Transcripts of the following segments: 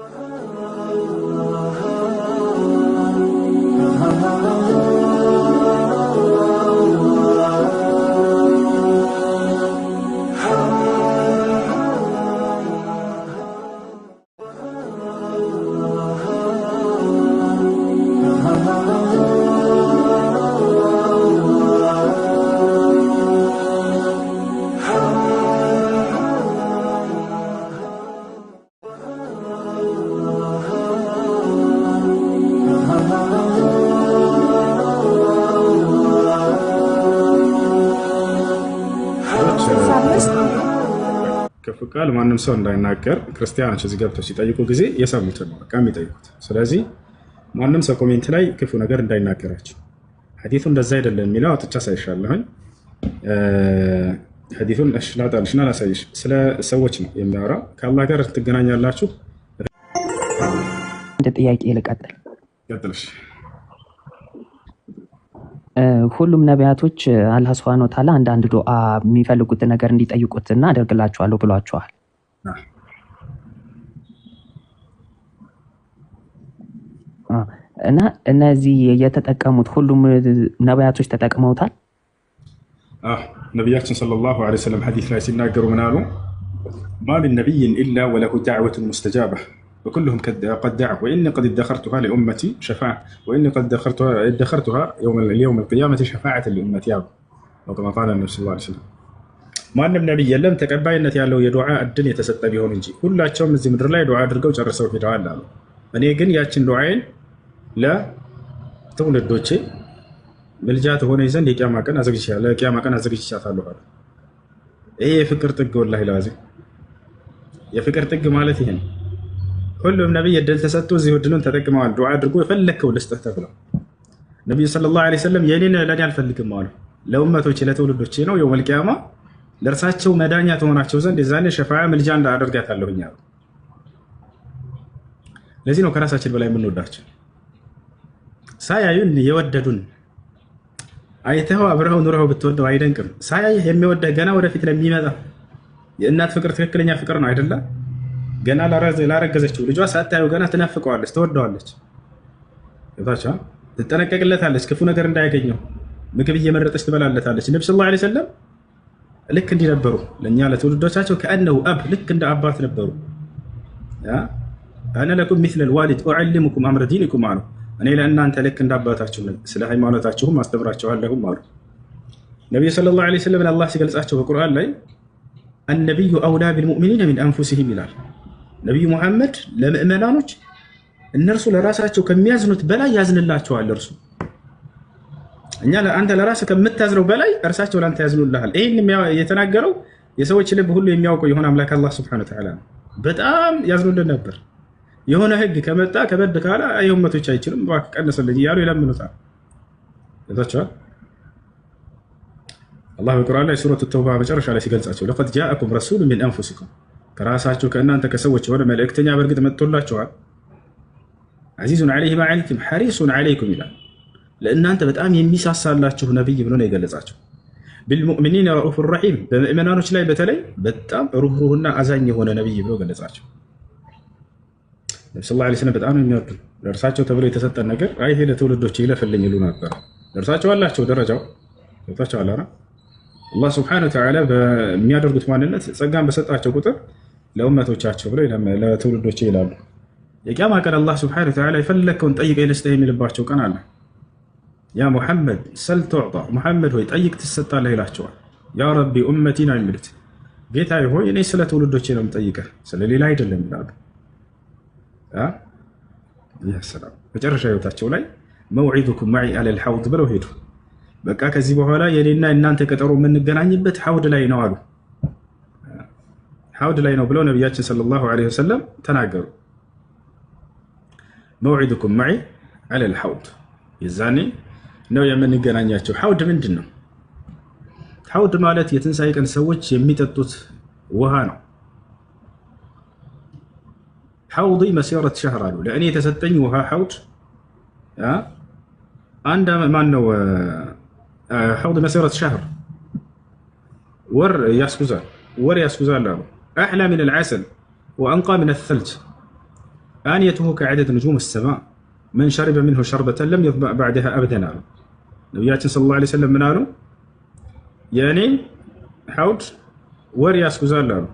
Oh ቃል ማንም ሰው እንዳይናገር ክርስቲያኖች እዚህ ገብተው ሲጠይቁ ጊዜ የሰሙትን ነው በቃ የሚጠይቁት። ስለዚህ ማንም ሰው ኮሜንት ላይ ክፉ ነገር እንዳይናገራቸው። ሀዲቱ እንደዛ አይደለም የሚለው አጥቻ ሳይሻለሁኝ ሀዲቱን ላጣልሽና ላሳይሽ። ስለ ሰዎች ነው የሚያወራ። ከአላህ ጋር ትገናኛላችሁ። እንደ ጥያቄ ልቀጥል። ቀጥልሽ ሁሉም ነቢያቶች አላህ ስብሐነ ወተዓላ አንዳንድ ዱዓ የሚፈልጉት ነገር እንዲጠይቁትና አደርግላቸዋለሁ ብሏቸዋል። እና እነዚህ የተጠቀሙት ሁሉም ነቢያቶች ተጠቅመውታል። ነቢያችን ሰለላሁ ዐለይሂ ወሰለም ሐዲስ ላይ ሲናገሩ ምን አሉ? ማ ሚን ነቢይን ኢላ ወለሁ ዳዕወቱን ሙስተጃባ وكلهم قد دعوا واني قد ادخرتها لامتي شفاعه واني قد ادخرتها ادخرتها يوم اليوم القيامه شفاعه لامتي وكما قال النبي صلى الله عليه وسلم ما نم من نبي لم تقبلنت ያለው የዱعاء الدنيا تسطى بهون እንጂ ሁላቸውም እዚህ ምድር ላይ ዱዓ አድርገው ጨርሰው ሄደዋል አሉ እኔ ግን ያችን ዱዓይን ለትውልዶቼ ምልጃት ሆነ ዘንድ የቂያማ يا አዘግቻ ለቂያማ ቀን አዘግቻታለሁ አሉ ይሄ የፍቅር ጥግ ወላሂ ለዋዚ የፍቅር ጥግ ማለት ይሄ ነው ሁሉም ነቢይ እድል ተሰጥቶ እዚህ እድሉን ተጠቅመዋል። ዱዓ አድርጎ የፈለግከው ልስጥህ ተብለው ነቢዩ ሰለላሁ ዐለይሂ ወሰለም የኔን ለእኔ አልፈልግም አሉ። ለውመቶች ለትውልዶቼ ነው የውመል ቂያማ ለእርሳቸው መዳኛ ተሆናቸው ዘንድ የዛኔ ሸፋዓ ምልጃ እንዳደርጋታለሁኝ አሉ። ለዚህ ነው ከራሳችን በላይ የምንወዳቸው ሳያዩን የወደዱን። አይተው አብረው ኑረው ብትወደው አይደንቅም። ሳያይህ የሚወደህ ገና ወደፊት ለሚመጣ የእናት ፍቅር ትክክለኛ ፍቅር ነው አይደለም ገና ላረገዘችው ልጇ ሳታየው ገና ትናፍቀዋለች፣ ትወደዋለች፣ ትጠነቀቅለታለች፣ ክፉ ነገር እንዳያገኘው ምግብ እየመረጠች ትበላለታለች። ነቢ ስ ላ ሰለም ልክ እንዲህ ነበሩ። ለእኛ ለትውልዶቻቸው ከአነሁ አብ ልክ እንደ አባት ነበሩ። አነ ለኩም ሚስለ ልዋሊድ ኡዕልሙኩም አምረ ዲንኩም አሉ። እኔ ለእናንተ ልክ እንደ አባታችሁ ስለ ሃይማኖታችሁም አስተምራችኋለሁም አሉ። ነቢዩ ስለ ላ ሰለምን አላህ ሲገልጻቸው በቁርአን ላይ አነቢዩ አውላ ቢልሙእሚኒን ሚን አንፉሲህም ይላል። ነቢዩ ሙሐመድ ለምእመናኖች እነርሱ ለራሳቸው ከሚያዝኑት በላይ ያዝንላቸዋል። እርሱ እኛ አንተ ለራስ ከምታዝነው በላይ እርሳቸው ለአንተ ያዝኑልሃል። ይህን የተናገረው የሰዎች ልብ ሁሉ የሚያውቀው የሆነ አምላክ አላህ ሱብሐነሁ ወተዓላ ነው። በጣም ያዝኑልን ነበር። የሆነ ህግ ከመጣ ከበድ ካለ የመቶች አይችልም እባክህ ቀንስልኝ እያሉ ይለምኑታል። ይዟቸዋል። አላህ በቁርአን ላይ ሱረቱ ተውባ መጨረሻ ላይ ሲገልጻቸው ለቀድ ጃአኩም ረሱሉ ሚን አንፉሲኩም ከራሳችሁ ከእናንተ ከሰዎች የሆነ መልእክተኛ በእርግጥ መጥቶላችኋል። አዚዙን ዓለይሂ ማ ዐኒቱም ሐሪሱን ዓለይኩም ይላል። ለእናንተ በጣም የሚሳሳላችሁ ነቢይ ብሎ ነው የገለጻቸው። ቢልሙእሚኒን ረኡፍ ረሒም፣ በምእመናኖች ላይ በተለይ በጣም ሩህሩህና አዛኝ የሆነ ነቢይ ብሎ ገለጻቸው። ነቢ ስ ላ ስለም በጣም የሚወዱ ለእርሳቸው ተብሎ የተሰጠን ነገር አይ ይሄ ለትውልዶች ይለፍልኝ ይሉ ነበር። ለእርሳቸው አላቸው ደረጃው ገብታቸው አላና አላህ ስብሐነሁ ወተዓላ በሚያደርጉት ማንነት ጸጋን በሰጣቸው ቁጥር ለእመቶቻቸው ብለው ለትውልዶች ይላሉ። የቂያማ ቀን አላህ ስብሐነሁ ወተዓላ የፈለግከውን ጠይቀኝ ልስጥህ የሚልባቸው ቀን አለ። ያ ሙሐመድ ሰል ቱዕጣ፣ ሙሐመድ ሆይ ጠይቅ ትሰጣለህ ይላቸዋል። ያ ረቢ ኡመቲ ነው የሚሉት። ጌታ ሆይ እኔ ስለ ትውልዶቼ ነው የምጠይቀህ ስለሌላ አይደለም ይላሉ። ሰላም መጨረሻ ህይወታቸው ላይ መውዒዱኩም ማዒ አለል ሐውድ ብለው ሄዱ። በቃ ከዚህ በኋላ የኔና እናንተ ቀጠሮ የምንገናኝበት ሐውድ ላይ ነው አሉ። ሐውድ ላይ ነው ብለው ነቢያችን ሰለላሁ ዐለይሂ ወሰለም ተናገሩ። መውዒድኩም መዒ አለል ሐውድ፣ የዛኔ ነው የምንገናኛቸው። ሐውድ ምንድን ነው? ሐውድ ማለት የትንሣኤ ቀን ሰዎች የሚጠጡት ውሃ ነው። ሐውዲ መሲረት ሸህር አሉ። ለእኔ የተሰጠኝ ውሃ ሐውድ አንድ ማን ነው? ሐውድ መሲረት ሸህር ወር ያስጉዛል፣ ወር ያስጉዛል አሉ أعلى من العسل وأنقى من الثلج آنيته كعدد نجوم السماء من شرب منه شربة لم يظمأ بعدها أبدا ناله نبيات صلى الله عليه وسلم ناله يعني حوت ورياس كوزان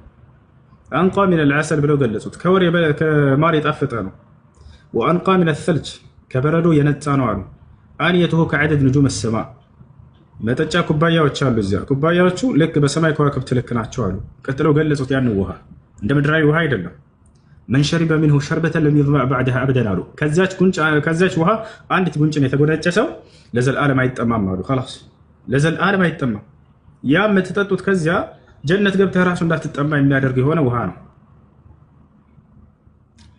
أنقى من العسل بلو قلتوت كوري ماري تأفت عنه وأنقى من الثلج كبرلو ينت عنه آنيته كعدد نجوم السماء መጠጫ ኩባያዎች አሉ። እዚያ ኩባያዎቹ ልክ በሰማይ ከዋክብት ልክ ናቸው አሉ። ቀጥለው ገለጹት። ያን ውሃ እንደ ምድራዊ ውሃ አይደለም። መን ሸሪበ ሸርበተ ሸርበተን ለም ባዕድሃ አብደን አሉ። ከዚያች ውሃ አንዲት ጉንጭን የተጎነጨ ሰው ለዘልአለም አይጠማም አሉ። ላስ ለዘልዓለም አይጠማም። ያ የምትጠጡት ከዚያ ጀነት ገብተህ ራሱ እንዳትጠማ የሚያደርግ የሆነ ውሃ ነው።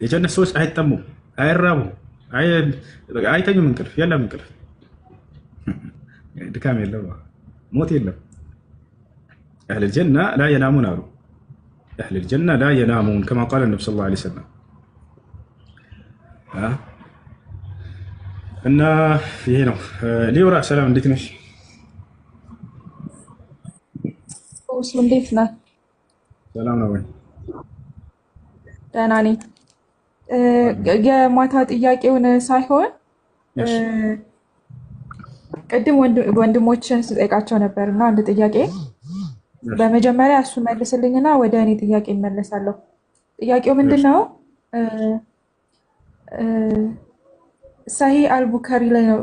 የጀነት ሰዎች አይጠሙም፣ አይራቡም፣ አይተኙም። እንቅልፍ የለም እንቅልፍ ድካም የለም፣ ሞት የለም። ህል ልጀና ላ የናሙን አሉ። አህለል ልጀና ላ የናሙን ከማ ቃለ ነብ ስ ላ ሰለም እና ይሄ ነው ሊውራ። ሰላም እንዴት ነሽ? እንዴት ነ? ሰላም ነው ወይ? ደህና ነኝ። የማታ ጥያቄውን ሳይሆን ቅድም ወንድሞችን ስጠይቃቸው ነበር እና አንድ ጥያቄ በመጀመሪያ እሱ መልስልኝና ወደ እኔ ጥያቄ ይመለሳለሁ። ጥያቄው ምንድን ነው? ሰሂ አልቡከሪ ላይ ነው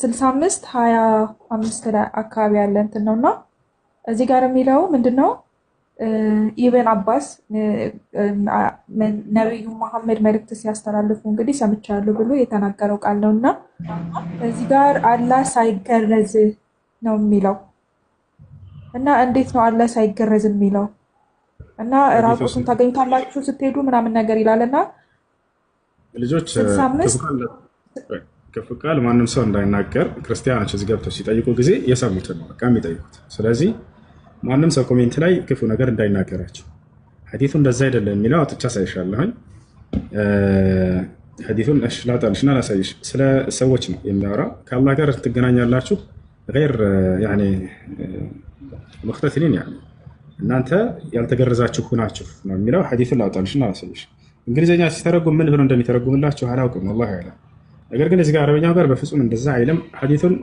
ስልሳ አምስት ሀያ አምስት ላይ አካባቢ ያለ እንትን ነው እና እዚህ ጋር የሚለው ምንድን ነው ኢብን አባስ ነቢዩ መሐመድ መልእክት ሲያስተላልፉ እንግዲህ ሰምቻለሁ ብሎ የተናገረው ቃል ነው እና እዚህ ጋር አላህ ሳይገረዝ ነው የሚለው እና እንዴት ነው አላህ ሳይገረዝ የሚለው እና ራቁቱን ታገኝታላችሁ ስትሄዱ ምናምን ነገር ይላል እና ልጆች ቃል ማንም ሰው እንዳይናገር ክርስቲያኖች እዚህ ገብተው ሲጠይቁ ጊዜ የሰሙትን ነው በቃ የሚጠይቁት ስለዚህ ማንም ሰው ኮሜንት ላይ ክፉ ነገር እንዳይናገራቸው። ሀዲቱ እንደዛ አይደለም የሚለው አጥቻ ሳይሻለሁኝ ሀዲቱን ላጣልሽና ላሳይሽ። ስለ ሰዎች ነው የሚያወራ። ከአላህ ጋር ትገናኛላችሁ መክተትኒን ያ እናንተ ያልተገረዛችሁ ሁናችሁ ነው የሚለው ሀዲቱን ላውጣልሽና ላሳይሽ። እንግሊዝኛ ሲተረጉም ምን ብሎ እንደሚተረጉምላችሁ አላውቅም ወላሂ አዕለም። ነገር ግን እዚህ ጋር አረበኛው ጋር በፍጹም እንደዛ አይለም። ሀዲቱን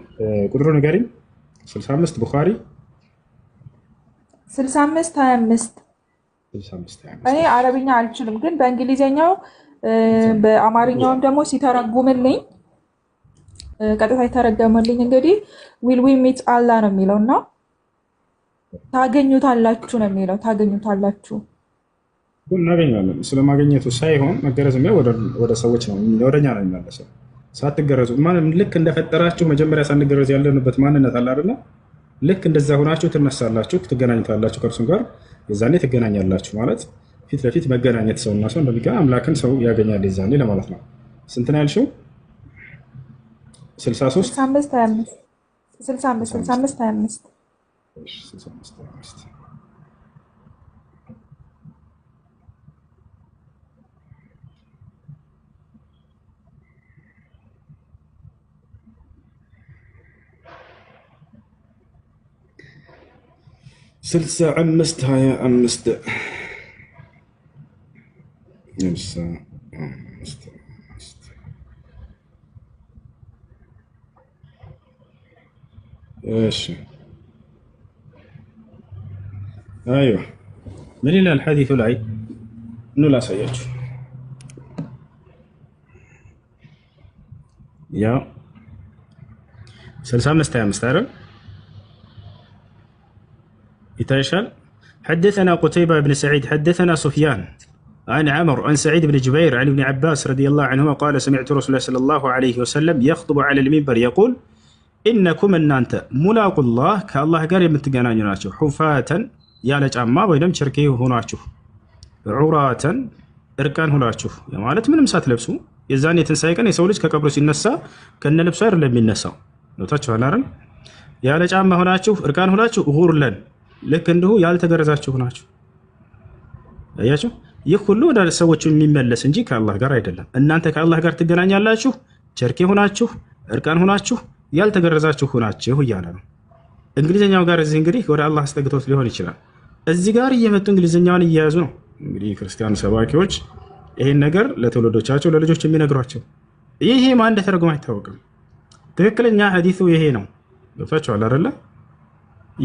ቁጥሩ ንገሪኝ 65 ቡኻሪ ስልሳ እኔ አረብኛ አልችልም፣ ግን በእንግሊዝኛው በአማርኛውም ደግሞ ሲተረጉምልኝ ቀጥታ የተረገመልኝ እንግዲህ ዊል ዊ ሚት አላ ነው የሚለው እና ታገኙታላችሁ ነው የሚለው። ታገኙታላችሁ እናገኘዋለን። ስለማገኘቱ ሳይሆን መገረዝ የሚለው ወደ ሰዎች ነው፣ ወደ ነው የሚመለሰው። ሳትገረዙ ልክ እንደፈጠራችሁ መጀመሪያ ሳንገረዝ ያለንበት ማንነት አለ አይደለም ልክ እንደዛ ሆናችሁ ትነሳላችሁ፣ ትገናኝታላችሁ ከእርሱም ጋር የዛኔ ትገናኛላችሁ ማለት ፊት ለፊት መገናኘት ሰውና ሰው እንደሚገናኝ አምላክን ሰው ያገኛል የዛኔ ለማለት ነው። ስንት ነው ያልሽው? 63 65 25 سلسة عمستها يا عمست سلسة عمست ايش ايوه من إلى الحديث العيد انه لا سيج يا سلسة عمست يا مستعرف تيشل حدثنا قتيبة بن سعيد حدثنا سفيان عن عمر عن سعيد بن جبير عن ابن عباس رضي الله عنهما قال سمعت رسول الله صلى الله عليه وسلم يخطب على المنبر يقول إنكم النانتا ملاق الله كالله قال يمتقنان يناتشو حفاة يا لجأما بينم شركي هناتشو ዑራተን እርቃን ሁናችሁ ማለት ምንም ሳትለብሱ የዛን የትንሣኤ ቀን የሰው ልጅ ከቀብሩ ሲነሳ ከነ ልብሱ አይደለም የሚነሳው ታችኋል አይደል? ያለ ጫማ ሆናችሁ እርቃን ሆናችሁ ሁርለን ልክ እንዲሁ ያልተገረዛችሁ ናችሁ። አያችሁ፣ ይህ ሁሉ ወደ ሰዎች የሚመለስ እንጂ ከአላህ ጋር አይደለም። እናንተ ከአላህ ጋር ትገናኛላችሁ፣ ቸርኬ ሆናችሁ፣ እርቃን ሆናችሁ፣ ያልተገረዛችሁ ሆናችሁ እያለ ነው። እንግሊዝኛው ጋር እዚህ እንግዲህ ወደ አላህ አስጠግቶት ሊሆን ይችላል። እዚህ ጋር እየመጡ እንግሊዝኛውን እየያዙ ነው እንግዲህ ክርስቲያን ሰባኪዎች ይህን ነገር ለትውልዶቻቸው ለልጆች የሚነግሯቸው ይሄ ማን እንደተረጎመ አይታወቅም። ትክክለኛ ሐዲሱ ይሄ ነው። ገብታችኋል አይደለ?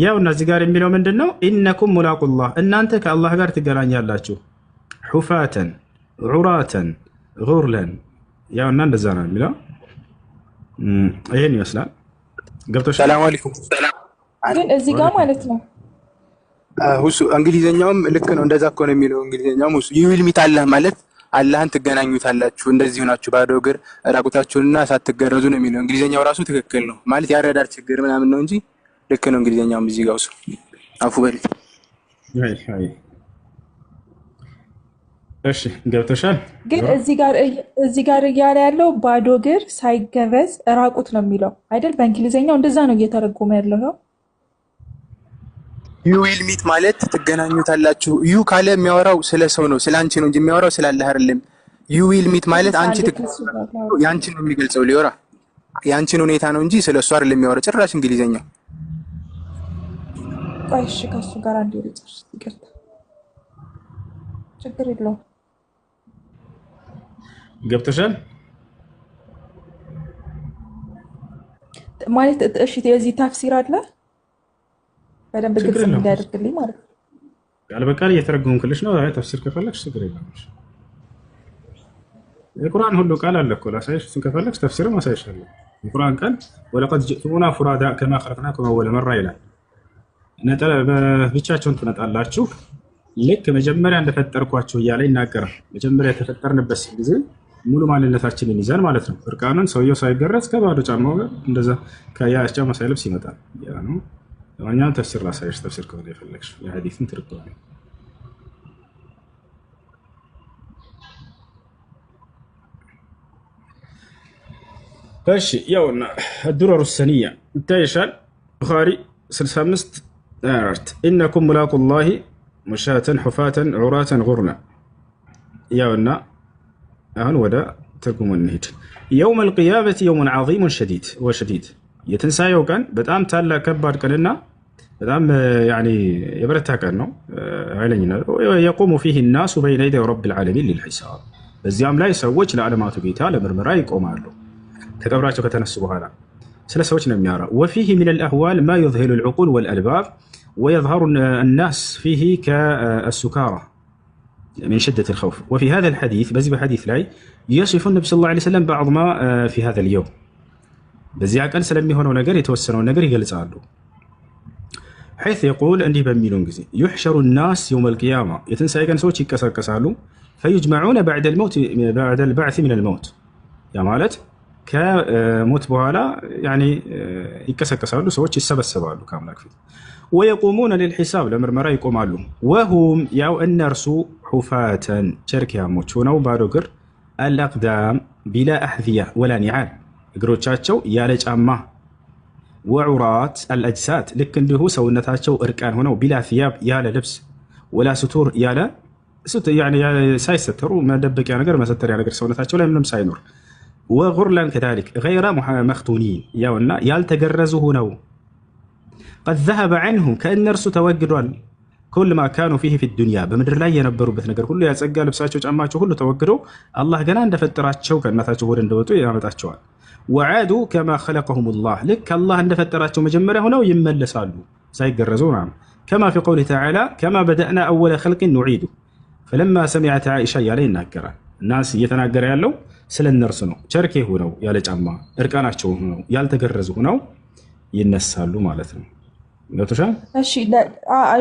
ያውና እነዚህ ጋር የሚለው ምንድን ነው? ኢነኩም ሙላቁላህ እናንተ ከአላህ ጋር ትገናኛላችሁ። ሑፋተን ዑራተን ጉርለን እና እንደዛ ነው የሚለው። ይህን ይመስላል። ገብቶሻል? ሰላም አለይኩም። ግን እዚህ ጋር ማለት ነው ሁሱ እንግሊዝኛውም ልክ ነው። እንደዛ ከሆነ የሚለው እንግሊዝኛውም ሁሱ ይህ ዊልሚት አላህ ማለት አላህን ትገናኙታላችሁ እንደዚህ ሆናችሁ ባዶ እግር ራቁታችሁንና ሳትገረዙ ነው የሚለው እንግሊዝኛው ራሱ ትክክል ነው ማለት ያረዳር ችግር ምናምን ነው እንጂ ልክ ነው። እንግሊዝኛውም እዚህ ጋር አፉ በል እሺ ገብተሻል። ግን እዚህ ጋር እያለ ያለው ባዶ እግር ሳይገረዝ ራቁት ነው የሚለው አይደል? በእንግሊዝኛው እንደዛ ነው እየተረጎመ ያለው ነው። ዩ ዊል ሚት ማለት ትገናኙታላችሁ። ዩ ካለ የሚያወራው ስለ ሰው ነው፣ ስለ አንቺ ነው እንጂ የሚያወራው ስለ አላህ አይደለም። ዩ ዊል ሚት ማለት አንቺ የአንቺን ነው የሚገልጸው ሊወራ የአንቺን ሁኔታ ነው እንጂ ስለ እሱ አይደለም የሚያወራው ጭራሽ እንግሊዝኛው ቆይ እሺ፣ ከሱ ጋር አንድ ልጨርስ። ይቅርታ፣ ችግር የለውም። ገብተሻል ማለት እሺ። የዚህ ታፍሲር አለ በደንብ ግልጽ እንዲያደርግልኝ ማለት ነው። ያልበቃል እየተረጎምክልሽ ነው። ተፍሲር ከፈለግሽ ችግር የለም። የቁርአን ሁሉ ቃል አለ እኮ ላሳይሽ። እሱን ከፈለግሽ ተፍሲርም አሳይሻለሁ። የቁርአን ቃል ወለቀድ ጅእቱሙና ፉራዳ ከማ ኸለቅናኩም አወለ መራ ይላል ብቻቸውን ትመጣላችሁ። ልክ መጀመሪያ እንደፈጠርኳቸው እያለ ይናገራል። መጀመሪያ የተፈጠርንበት ጊዜ ሙሉ ማንነታችንን ይዘን ማለት ነው። እርቃኑን ሰውየው ሳይገረዝ ከባዶ ጫማው ጋር እንደዛ ጫማ ሳይለብስ ይመጣል። ማንኛውም ተፍሲር ላሳይሽ፣ ተፍሲር ከሆነ የፈለግሽ የሐዲስን ትርጓሜ እሺ። ያውና ዱረሩ ሰኒያ ይታይሻል። ቡኻሪ 65 أعرت إنكم ملاق الله مشاة حفاة عراة غرنا يا ونا أهن ودا تركم النهج يوم القيامة يوم عظيم شديد وشديد يتنسى كان بدأم تالا كبار كلنا بدأم يعني يبرتها كانو علينا يقوم فيه الناس بين يدي رب العالمين للحساب በዚያም لا يسوج ለዓለማቱ ጌታ لمرمرايك ይቆማሉ ከቀብራቸው ከተነሱ በኋላ ስለ ሰዎች ነው የሚያወራው ወፊህ ሚን አልአህዋል ማ ዩዝሂሉ ልዕቁል ወልአልባብ ويظهر الناس فيه كالسكارى من شدة الخوف وفي هذا الحديث بزي حديث لاي يصف النبي صلى الله عليه وسلم بعض ما آه، في هذا اليوم بزي عقل سلمي هنا ونقري توسر ونقري قال عالو حيث يقول أني بميلون قزي يحشر الناس يوم القيامة يتنسى يقن سوتي كسر كسالو فيجمعون بعد الموت بعد البعث من الموت يا مالت كموت بوالا يعني آه، يكسر كسالو سوتي السبس سبالو كاملاك فيه ويقومون للحساب لمر مرا يقومالو وهم ياو انرسو حفاتا شرك يا موتشو نو باروغر الاقدام بلا احذيه ولا نعال اقروتشاتشو يا أما وعرات الاجساد لك اللي هو سونتاتشو اركان هنا بلا ثياب يا لبس ولا ستور يا لا ست يعني ساي ستر وما دبك يا يعني نقر ما ستر يا يعني نقر سونتاتشو لا منهم ساينور وغرلا كذلك غير مختونين يا ولا يا هنا ቀድ ዘሀበ ዐንሁ ከእነርሱ ተወግዷል። ኩል ማ ካኑ ፊህ ፊ ዱንያ በምድር ላይ የነበሩበት ነገር ሁሉ ያጸጋ ልብሳቸው፣ ጫማቸው ሁሉ ተወግዶ አላህ ገና እንደፈጠራቸው ከእናታቸው ወደ እንደወጡ ያመጣቸዋል። ወዐዱ ከማ ኸለቀሁም ላህ ልክ አላህ እንደፈጠራቸው መጀመሪያ ሆነው ይመለሳሉ ሳይገረዙ ምናምን ከማ ፊ ቀውሊ ተዓላ ከማ በደእና አወለ ኸልቅን ኑዒዱ ፈለማ ሰሚዐት ዓኢሻ እያለ ይናገራል። እናስ እየተናገረ ያለው ስለ እነርሱ ነው። ቸርኬ ሆነው ያለ ጫማ እርቃናቸው ሆነው ያልተገረዙ ሁነው ይነሳሉ ማለት ነው። ገብቶሻል?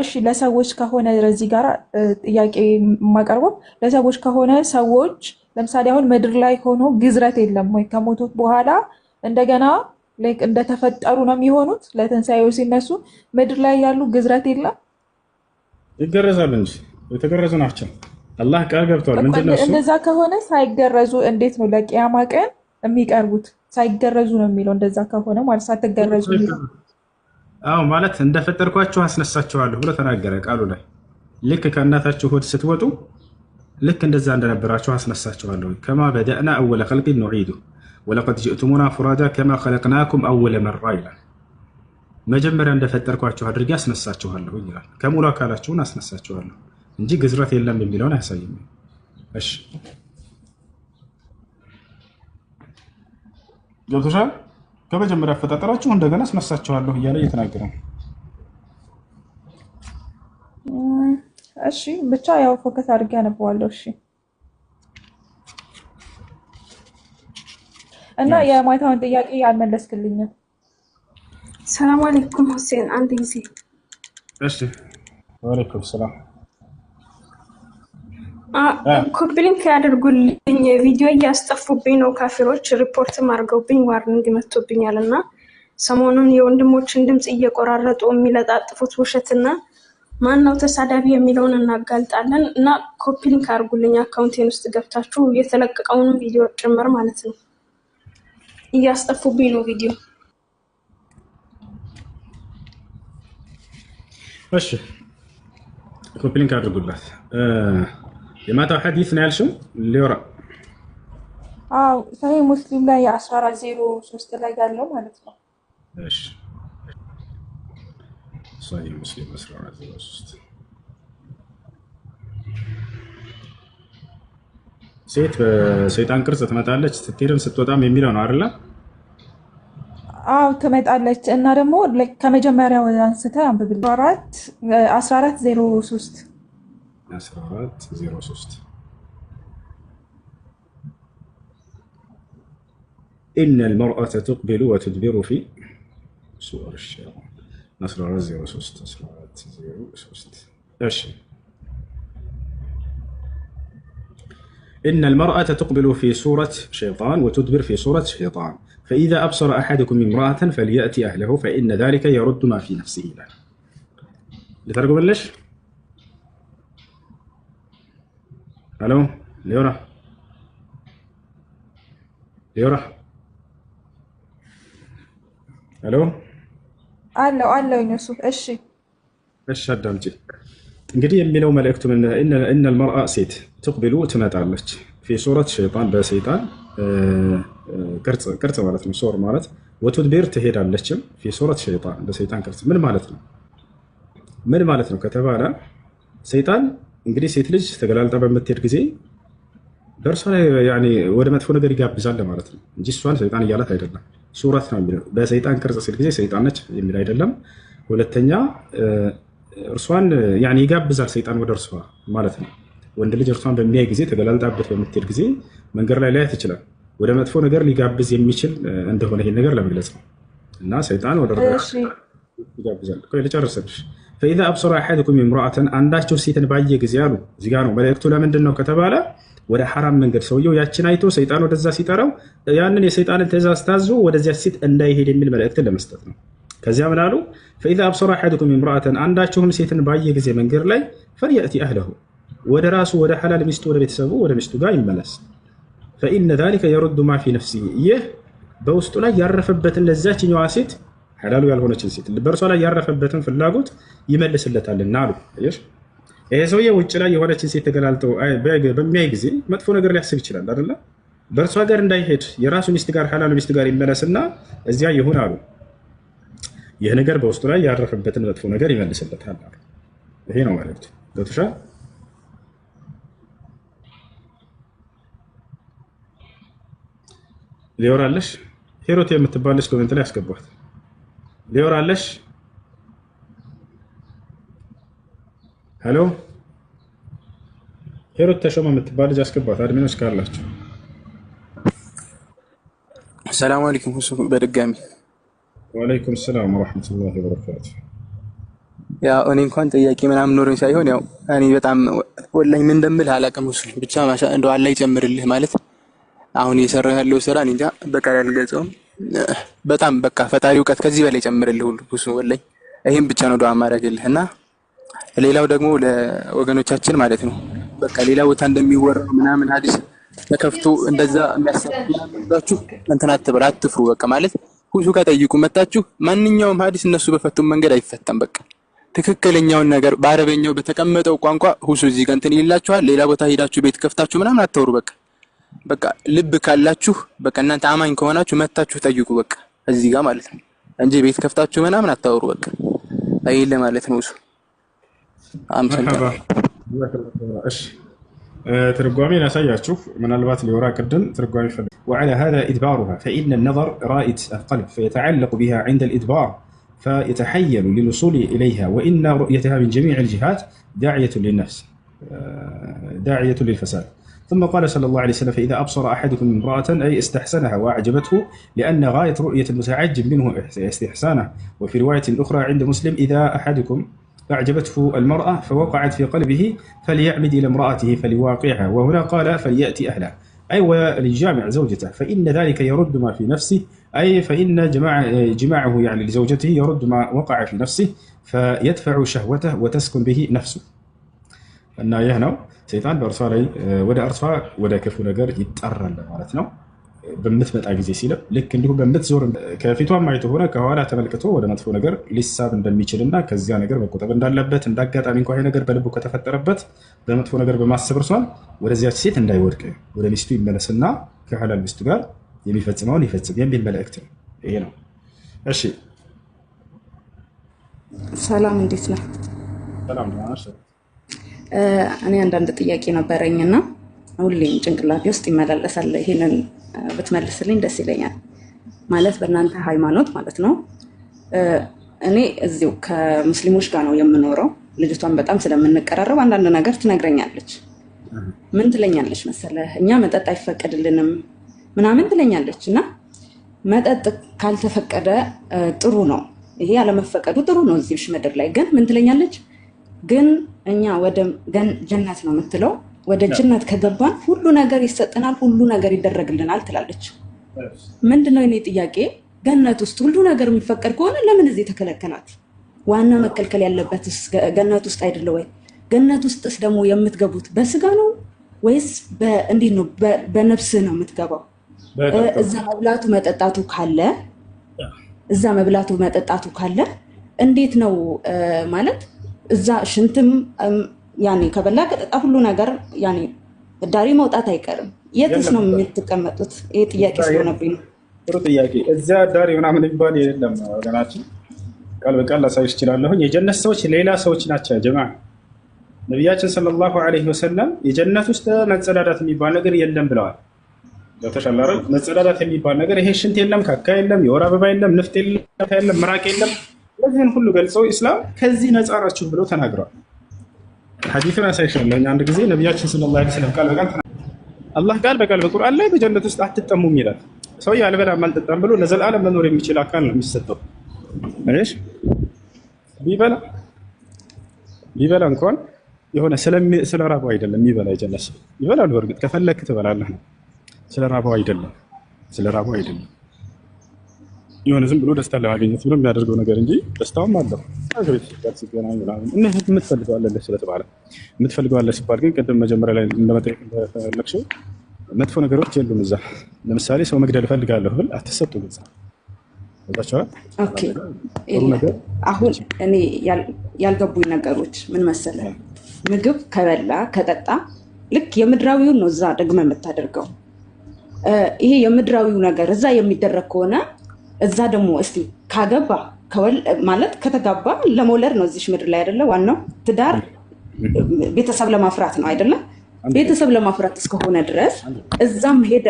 እሺ ለሰዎች ከሆነ እዚህ ጋር ጥያቄ የማቀርበው ለሰዎች ከሆነ ሰዎች ለምሳሌ አሁን ምድር ላይ ሆኖ ግዝረት የለም ወይ? ከሞቱት በኋላ እንደገና እንደተፈጠሩ ነው የሚሆኑት? ለትንሳኤው ሲነሱ ምድር ላይ ያሉ ግዝረት የለም? ይገረዛሉ እንጂ የተገረዙ ናቸው። አላህ ቃል ገብተዋል። እንደዛ ከሆነ ሳይገረዙ እንዴት ነው ለቅያማ ቀን የሚቀርቡት? ሳይገረዙ ነው የሚለው እንደዛ ከሆነ ማለት ሳትገረዙ አዎ ማለት እንደፈጠርኳችሁ አስነሳችኋለሁ ብሎ ተናገረ ቃሉ ላይ። ልክ ከእናታችሁ ሆድ ስትወጡ ልክ እንደዛ እንደነበራችሁ አስነሳችኋለሁ። ከማ በደእና አወለ ኸልቂን ኑዒዱ ወለቀድ ጅእቱሙና ፉራዳ ከማ ኸለቅናኩም አወለ መራ ይላል። መጀመሪያ እንደፈጠርኳችሁ አድርጌ አስነሳችኋለሁ ይላል። ከሙሉ አካላችሁን አስነሳችኋለሁ እንጂ ግዝረት የለም የሚለውን አያሳይም። እሺ ገብቶሻል? ከመጀመሪያ አፈጣጠራችሁ እንደገና አስነሳችኋለሁ እያለ እየተናገረ ነው። እሺ ብቻ ያው ፎከስ አድርጌ አነበዋለሁ። እሺ እና የማይታውን ጥያቄ አልመለስክልኝም። ሰላም አለይኩም ሁሴን፣ አንድ ጊዜ እሺ። ወአለይኩም ሰላም ኮምፕሊንት ያደርጉልኝ አለብኝ ቪዲዮ እያስጠፉብኝ ነው ካፊሮች ሪፖርትም አድርገውብኝ ዋርኒንግ መጥቶብኛል እና ሰሞኑን የወንድሞችን ድምፅ እየቆራረጡ የሚለጣጥፉት ውሸትና ነው ተሳዳቢ የሚለውን እናጋልጣለን እና ኮፒ ሊንክ አድርጉልኝ አካውንቴን ውስጥ ገብታችሁ የተለቀቀውን ቪዲዮ ጭምር ማለት ነው። እያስጠፉብኝ ነው ቪዲዮ። እሺ ኮፒ ሊንክ አድርጉላት። የማታው ሐዲስ ነው ያልሽም ሊወራ አዎ ሳሂህ ሙስሊም ላይ የአስራ አራት ዜሮ ሶስት ላይ ያለው ማለት ነው። እሺ ሳሂህ ሙስሊም አስራ አራት ዜሮ ሶስት ሴት በሰይጣን ቅርጽ ትመጣለች ስትሄድም ስትወጣም የሚለው ነው አይደለ? አዎ ትመጣለች። እና ደግሞ ከመጀመሪያው አንስተ አንብብል አስራ አራት ዜሮ ሶስት አስራ አራት ዜሮ ሶስት إن المرأة تقبل وتدبر في سور الشيطان نصر رزي وسوست نصر رزي وسوست أشي إن المرأة تقبل في سورة شيطان وتدبر في سورة شيطان فإذا أبصر أحدكم امرأة فليأتي أهله فإن ذلك يرد ما في نفسه له لترجم ليش؟ ألو ليورا ليورا ሄሎ አለው አለው ዩሱፍ እሺ እሺ አዳምጪ እንግዲህ የሚለው መልእክቱ እነ ልመርአ ሴት ትቅቢሉ ትመጣለች ፊ ሱረት ሸይጣን በሰይጣን ቅርጽ ማለት ነው ሶር ማለት ወቱድቢር ትሄዳለችም ፊ ሱረት ሸይጣን በሰይጣን ቅርጽ ምን ማለት ነው ምን ማለት ነው ከተባለ ሰይጣን እንግዲህ ሴት ልጅ ተገላልጣ በምትሄድ ጊዜ በእርሷ ላይ ወደ መጥፎ ነገር ይጋብዛል ለማለት ነው እንጂ እሷን ሰይጣን እያላት አይደለም። ሱረት ነው የሚለው። በሰይጣን ቅርጽ ሲል ጊዜ ሰይጣን ነች የሚል አይደለም። ሁለተኛ እርሷን ይጋብዛል ሰይጣን ወደ እርሷ ማለት ነው። ወንድ ልጅ እርሷን በሚያይ ጊዜ ተገላልጣበት በምትሄድ ጊዜ መንገድ ላይ ላያት ይችላል። ወደ መጥፎ ነገር ሊጋብዝ የሚችል እንደሆነ ይሄን ነገር ለመግለጽ ነው እና ሰይጣን ወደ ይጋብዛል። ልጨርስልሽ ፈኢዛ አብሰራ አሐደኩም ምራአተን አንዳቸው ሴትን ባየ ጊዜ አሉ። እዚጋ ነው መልእክቱ ለምንድን ነው ከተባለ ወደ ሐራም መንገድ ሰውየው ያችን አይቶ ሰይጣን ወደዛ ሲጠራው ያንን የሰይጣንን ትእዛዝ ታዞ ወደዚያ ሴት እንዳይሄድ የሚል መልእክትን ለመስጠት ነው። ከዚያ ምን አሉ? ፈኢዛ አብሰራ አሐደኩም ኢምራአተን አንዳችሁም ሴትን ባየ ጊዜ መንገድ ላይ ፈልየእቲ አህለሁ ወደ ራሱ ወደ ሐላል ሚስቱ ወደ ቤተሰቡ ወደ ሚስቱ ጋር ይመለስ። ፈኢነ ዛሊከ የሩዱ ማ ፊ ነፍሲ ይህ በውስጡ ላይ ያረፈበትን ለዛችኛዋ ሴት ሐላሉ ያልሆነችን ሴት በእርሷ ላይ ያረፈበትን ፍላጎት ይመልስለታልና አሉ። ይሄ ሰውዬ ውጭ ላይ የሆነችን ሴት ተገላልጦ በሚያይ ጊዜ መጥፎ ነገር ሊያስብ ይችላል አይደለ? በእርሷ ጋር እንዳይሄድ የራሱ ሚስት ጋር ላሉ ሚስት ጋር ይመለስና እዚያ ይሁን አሉ። ይህ ነገር በውስጡ ላይ ያረፈበትን መጥፎ ነገር ይመልስበታል አሉ። ይሄ ነው ማለት ገብቶሻ። ሊወራለሽ ሄሮት የምትባለች ኮሜንት ላይ ያስገባት ሊወራለሽ ሄሎ ሄሮት ተሾመ የምትባል ልጅ አስገባት። አድሚኖች ካላችሁ ሰላም አለይኩም። ሱ በድጋሚ ወአለይኩም ሰላም ወራህመቱላሂ ወበረካቱ። ያው እኔ እንኳን ጥያቄ ምናምን ኖሮኝ ሳይሆን ያው እኔ በጣም ወላሂ ምን እንደምልህ አላውቅም። ሁሱ ብቻ ማሻ እንደው አላህ ይጨምርልህ ማለት አሁን እየሰራ ያለው ስራ እኔ እንጃ በቃል አልገልጸውም። በጣም በቃ ፈጣሪ እውቀት ከዚህ በላይ ይጨምርልህ ሁሉ ሁሱ ወላሂ። ይሄን ብቻ ነው ዱዓ ማድረግልህ እና ሌላው ደግሞ ለወገኖቻችን ማለት ነው በቃ ሌላ ቦታ እንደሚወራው ምናምን ሀዲስ ተከፍቶ እንደዛ የሚያሳባችሁ እንትን አትበል፣ አትፍሩ። በቃ ማለት ሁሱ ጋር ጠይቁ መጣችሁ። ማንኛውም ሀዲስ እነሱ በፈቱም መንገድ አይፈታም። በቃ ትክክለኛውን ነገር በአረበኛው በተቀመጠው ቋንቋ ሁሱ እዚህ ጋር እንትን ይላችኋል። ሌላ ቦታ ሄዳችሁ ቤት ከፍታችሁ ምናምን አታወሩ በቃ በቃ ልብ ካላችሁ በቃ እናንተ አማኝ ከሆናችሁ መታችሁ ጠይቁ። በቃ እዚህ ጋር ማለት ነው እንጂ ቤት ከፍታችሁ ምናምን አታወሩ በቃ አይ ለማለት ነው እሱ አመሰግናለሁ። ትርጓሜ ላሳያችሁ። ምናልባት ሊወራ ቅድም ትርጓሜ ይፈልግ وعلى هذا إدبارها فإن النظر رائد القلب فيتعلق بها عند الإدبار فيتحيل للوصول إليها وإن رؤيتها من جميع الجهات داعية للنفس آه، داعية للفساد ثم قال صلى الله عليه وسلم فإذا أبصر أحدكم امرأة أي استحسنها وأعجبته لأن غاية رؤية المتعجب منه استحسانه وفي رواية أخرى عند مسلم إذا أحدكم أعجبته المرأة فوقعت في قلبه فليعمد إلى امرأته فليواقعها وهنا قال فليأتي أهلها أي وليجامع زوجته فإن ذلك يرد ما في نفسه أي فإن جماع جماعه يعني لزوجته يرد ما وقع في نفسه فيدفع شهوته وتسكن به نفسه እና يهنو سيطان ሰይጣን ولا ላይ ولا እርሷ قر يتأرن ነገር ይጠራል በምትመጣ ጊዜ ሲለው ልክ እንዲሁም በምትዞር ከፊቷ ማየት ሆነ ከኋላ ተመልክቶ ወደ መጥፎ ነገር ሊሳብ እንደሚችልና ከዚያ ነገር መቆጠብ እንዳለበት እንዳጋጣሚ እንኳ ነገር በልቡ ከተፈጠረበት በመጥፎ ነገር በማሰብ እርሷን ወደዚያች ሴት እንዳይወድቅ ወደ ሚስቱ ይመለስና ከሐላል ሚስቱ ጋር የሚፈጽመውን ይፈጽም የሚል መልእክት ነው። ይሄ ነው። እሺ፣ ሰላም እንዴት ነው? ሰላም። እኔ አንዳንድ ጥያቄ ነበረኝና ሁሌም ጭንቅላቴ ውስጥ ይመላለሳል። ይሄንን ብትመልስልኝ ደስ ይለኛል። ማለት በእናንተ ሃይማኖት ማለት ነው። እኔ እዚሁ ከሙስሊሞች ጋር ነው የምኖረው። ልጅቷን በጣም ስለምንቀራረብ አንዳንድ ነገር ትነግረኛለች። ምን ትለኛለች መሰለህ፣ እኛ መጠጥ አይፈቀድልንም ምናምን ትለኛለች። እና መጠጥ ካልተፈቀደ ጥሩ ነው፣ ይሄ አለመፈቀዱ ጥሩ ነው እዚህ ምድር ላይ። ግን ምን ትለኛለች? ግን እኛ ወደ ጀነት ነው የምትለው ወደ ጅነት ከገባን ሁሉ ነገር ይሰጠናል፣ ሁሉ ነገር ይደረግልናል ትላለች። ምንድነው የኔ ጥያቄ? ገነት ውስጥ ሁሉ ነገር የሚፈቀድ ከሆነ ለምን እዚህ ተከለከላት? ዋና መከልከል ያለበት ገነት ውስጥ አይደለ ወይ? ገነት ውስጥስ ደግሞ የምትገቡት በስጋ ነው ወይስ እንዴት ነው? በነፍስ ነው የምትገባው? እዛ መብላቱ መጠጣቱ ካለ እዛ መብላቱ መጠጣቱ ካለ እንዴት ነው ማለት እዛ ሽንትም ያኔ ከበላ ቀጥታ ሁሉ ነገር ያኔ ዳሪ መውጣት አይቀርም። የትስ ነው የምትቀመጡት? ይሄ ጥያቄ ስለሆነብኝ ነው። ጥሩ ጥያቄ። እዚያ ዳሪ ምናምን የሚባል የለም ወገናችን። ቃል በቃል ላሳይ ይችላለሁኝ። የጀነት ሰዎች ሌላ ሰዎች ናቸው ጀማ። ነቢያችን ሰለላሁ ዐለይሂ ወሰለም የጀነት ውስጥ መጸዳዳት የሚባል ነገር የለም ብለዋል። ለተሻላረ መጸዳዳት የሚባል ነገር ይሄ ሽንት የለም፣ ካካ የለም፣ የወር አበባ የለም፣ ንፍጥ የለም፣ ምራቅ የለም። እነዚህን ሁሉ ገልጸው ኢስላም ከዚህ ነፃ ናችሁ ብለው ተናግረዋል። ሐዲሱን አሳይሻለሁ። አንድ ጊዜ ነቢያችን ሰለላሁ ዐለይሂ ወሰለም ቃል በቃል አላህ ቃል በቃል በቁርአን ላይ በጀነት ውስጥ አትጠሙም ይላል። ሰውዬ አልበላም አልጠጣም ብሎ ለዘላለም መኖር የሚችል አካል ነው የሚሰጠው። እሺ ቢበላ ቢበላ እንኳን የሆነ ስለ ራበው አይደለም የሚበላ የጀነት ሰው ይበላል። በእርግጥ ከፈለክ ትበላለህ ነው፣ ስለ ራበው አይደለም፣ ስለ ራበው አይደለም የሆነ ዝም ብሎ ደስታ ለማግኘት ብሎ የሚያደርገው ነገር እንጂ ደስታውም አለው። ከቤተሰብ ጋር ሲገናኝ ስለተባለ የምትፈልገዋለ ሲባል ግን ቅድም መጀመሪያ ላይ እንደመጠየቅ እንደፈለግሽው መጥፎ ነገሮች የሉም እዛ። ለምሳሌ ሰው መግደል እፈልጋለሁ ብል አትሰጡም ግዛ አሁን እኔ ያልገቡኝ ነገሮች ምን መሰለ፣ ምግብ ከበላ ከጠጣ ልክ የምድራዊውን ነው እዛ ደግመ የምታደርገው። ይሄ የምድራዊው ነገር እዛ የሚደረግ ከሆነ እዛ ደግሞ እስቲ ካገባ ማለት ከተጋባ ለመውለድ ነው እዚሽ ምድር ላይ አይደለ? ዋናው ትዳር ቤተሰብ ለማፍራት ነው አይደለም? ቤተሰብ ለማፍራት እስከሆነ ድረስ እዛም ሄደ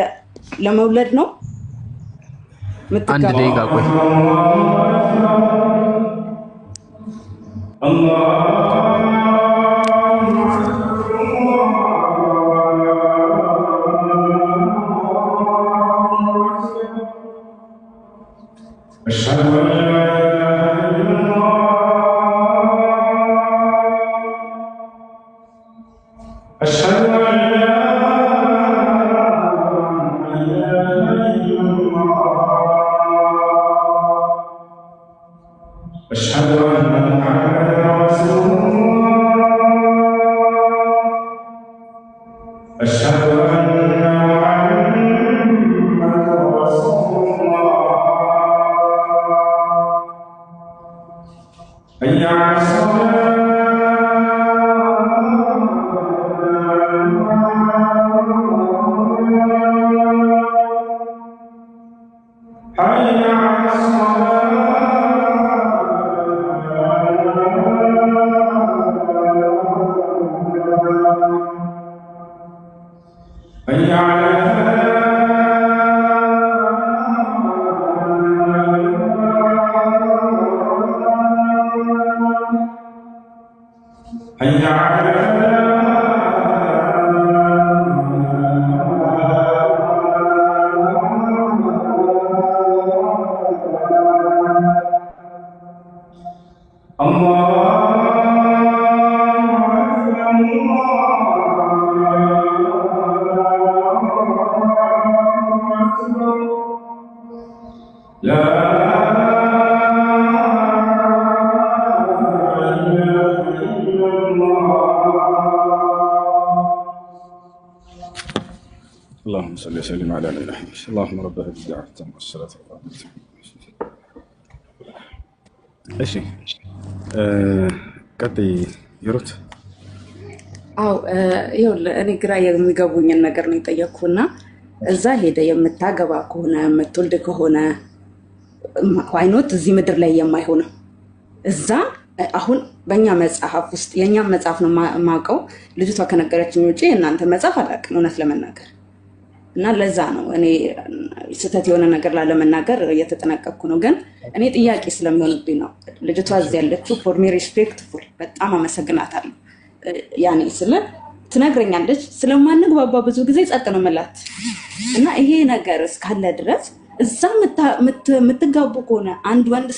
ለመውለድ ነው። አንድ ደቂቃ ቆይ። አላህ أشهد أن لا جعل اللهم صل وسلم على نبينا محمد اللهم رب هذه الدعوة التامة والصلاة እሺ ቀጥይ ሂሩት። አው ይኸውልህ እኔ ግራ የሚገቡኝን ነገር ነው የጠየቅኩና እዛ ሄደ የምታገባ ከሆነ የምትወልድ ከሆነ አይኖት እዚህ ምድር ላይ የማይሆነው እዛ አሁን በእኛ መጽሐፍ ውስጥ የእኛም መጽሐፍ ነው የማውቀው ልጅቷ ከነገረችኝ ውጭ የእናንተ መጽሐፍ አላውቅም እውነት ለመናገር እና ለዛ ነው እኔ ስህተት የሆነ ነገር ላለመናገር እየተጠነቀቅኩ ነው። ግን እኔ ጥያቄ ስለሚሆንብኝ ነው። ልጅቷ እዚህ ያለችው ፎር ሚ ሪስፔክትፉል በጣም አመሰግናታለሁ። ያኔ ስለ ትነግረኛለች ስለማንግባባ ብዙ ጊዜ ጸጥ ነው የምላት እና ይሄ ነገር እስካለ ድረስ እዛ የምትጋቡ ከሆነ አንድ ወንድ